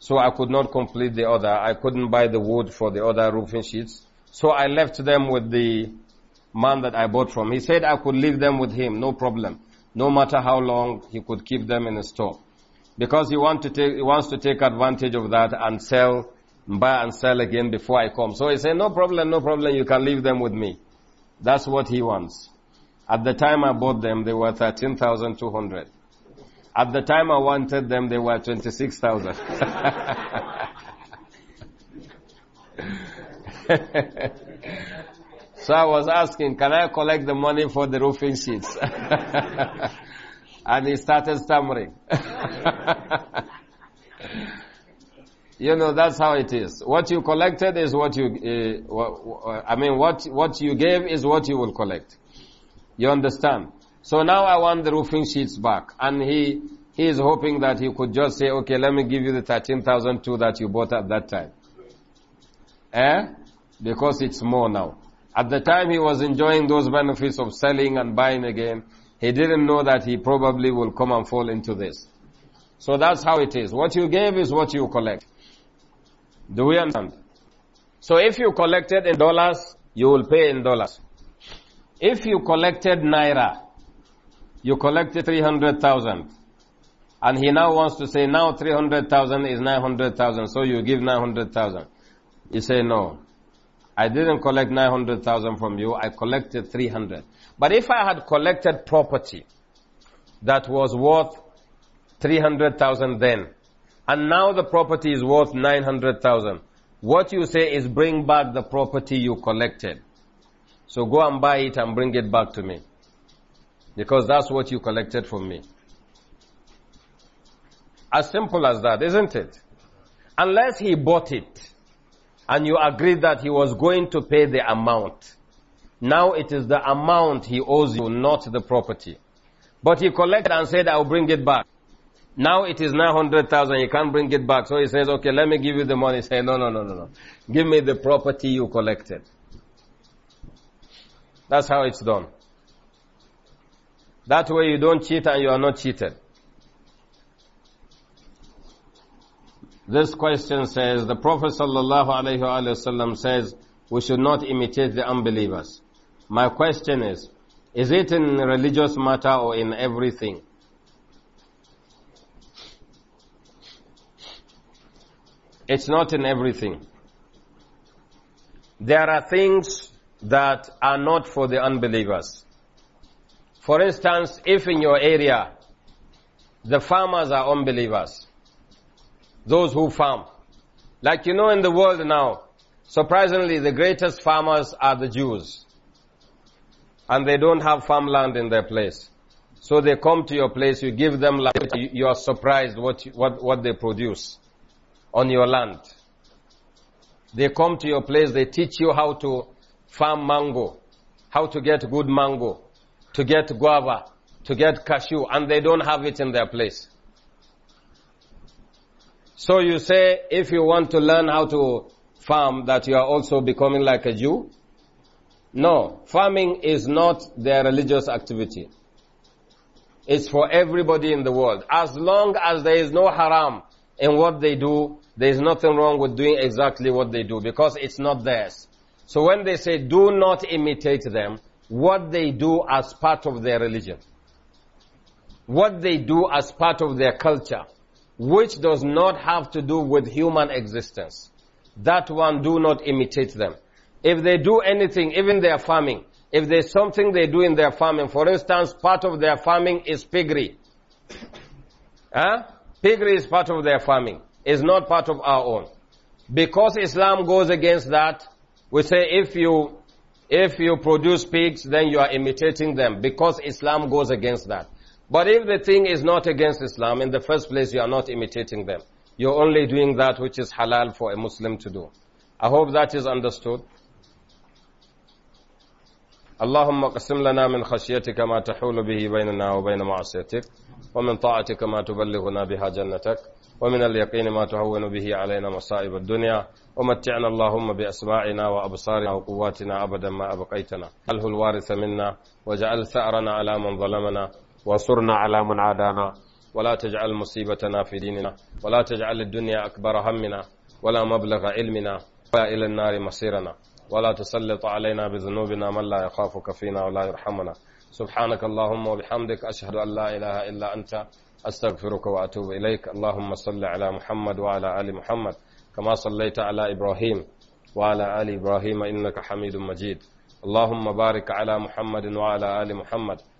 So I could not complete the other. I couldn't buy the wood for the other roofing sheets. So I left them with the man that I bought from. He said I could leave them with him, no problem no matter how long he could keep them in the store. Because he, want to take, he wants to take advantage of that and sell, buy and sell again before I come. So he said, no problem, no problem, you can leave them with me. That's what he wants. At the time I bought them, they were 13,200. At the time I wanted them, they were 26,000. So I was asking, can I collect the money for the roofing sheets? and he started stammering. you know, that's how it is. What you collected is what you, uh, I mean, what, what you gave is what you will collect. You understand? So now I want the roofing sheets back. And he, he is hoping that he could just say, okay, let me give you the 13,002 that you bought at that time. Eh? Because it's more now. At the time he was enjoying those benefits of selling and buying again, he didn't know that he probably will come and fall into this. So that's how it is. What you gave is what you collect. Do we understand? So if you collected in dollars, you will pay in dollars. If you collected naira, you collected 300,000. And he now wants to say, now 300,000 is 900,000, so you give 900,000. You say no. I didn't collect 900,000 from you, I collected 300. But if I had collected property that was worth 300,000 then, and now the property is worth 900,000, what you say is bring back the property you collected. So go and buy it and bring it back to me. Because that's what you collected from me. As simple as that, isn't it? Unless he bought it and you agreed that he was going to pay the amount. Now it is the amount he owes you, not the property. But he collected and said, I'll bring it back. Now it is 900,000, he can't bring it back. So he says, okay, let me give you the money. Say, no, no, no, no, no. Give me the property you collected. That's how it's done. That way you don't cheat and you are not cheated. This question says, the Prophet sallallahu says, we should not imitate the unbelievers. My question is, is it in religious matter or in everything? It's not in everything. There are things that are not for the unbelievers. For instance, if in your area the farmers are unbelievers, those who farm. Like you know in the world now, surprisingly the greatest farmers are the Jews. And they don't have farmland in their place. So they come to your place, you give them land, you are surprised what, what, what they produce on your land. They come to your place, they teach you how to farm mango, how to get good mango, to get guava, to get cashew, and they don't have it in their place. So you say, if you want to learn how to farm, that you are also becoming like a Jew? No, farming is not their religious activity. It's for everybody in the world. As long as there is no haram in what they do, there is nothing wrong with doing exactly what they do because it's not theirs. So when they say do not imitate them, what they do as part of their religion, what they do as part of their culture, which does not have to do with human existence. That one do not imitate them. If they do anything, even their farming, if there's something they do in their farming, for instance, part of their farming is piggery. huh? Piggery is part of their farming. It's not part of our own. Because Islam goes against that, we say if you, if you produce pigs, then you are imitating them. Because Islam goes against that. But if the thing is not against Islam, in the first place, you are not imitating them. You're only doing that which is halal for a Muslim to do. I hope that is understood. اللهم اقسم لنا من خشيتك ما تحول به بيننا وبين معصيتك ومن طاعتك ما تبلغنا بها جنتك ومن اليقين ما تهون به علينا مصائب الدنيا ومتعنا اللهم بأسماعنا وأبصارنا وقواتنا أبدا ما أبقيتنا أله الوارث منا وجعل ثأرنا على من ظلمنا وانصرنا على من عادانا ولا تجعل مصيبتنا في ديننا ولا تجعل الدنيا أكبر همنا ولا مبلغ علمنا ولا إلى النار مصيرنا ولا تسلط علينا بذنوبنا من لا يخافك فينا ولا يرحمنا سبحانك اللهم وبحمدك أشهد أن لا إله إلا أنت أستغفرك وأتوب إليك اللهم صل على محمد وعلى آل محمد كما صليت على إبراهيم وعلى آل إبراهيم إنك حميد مجيد اللهم بارك على محمد وعلى آل محمد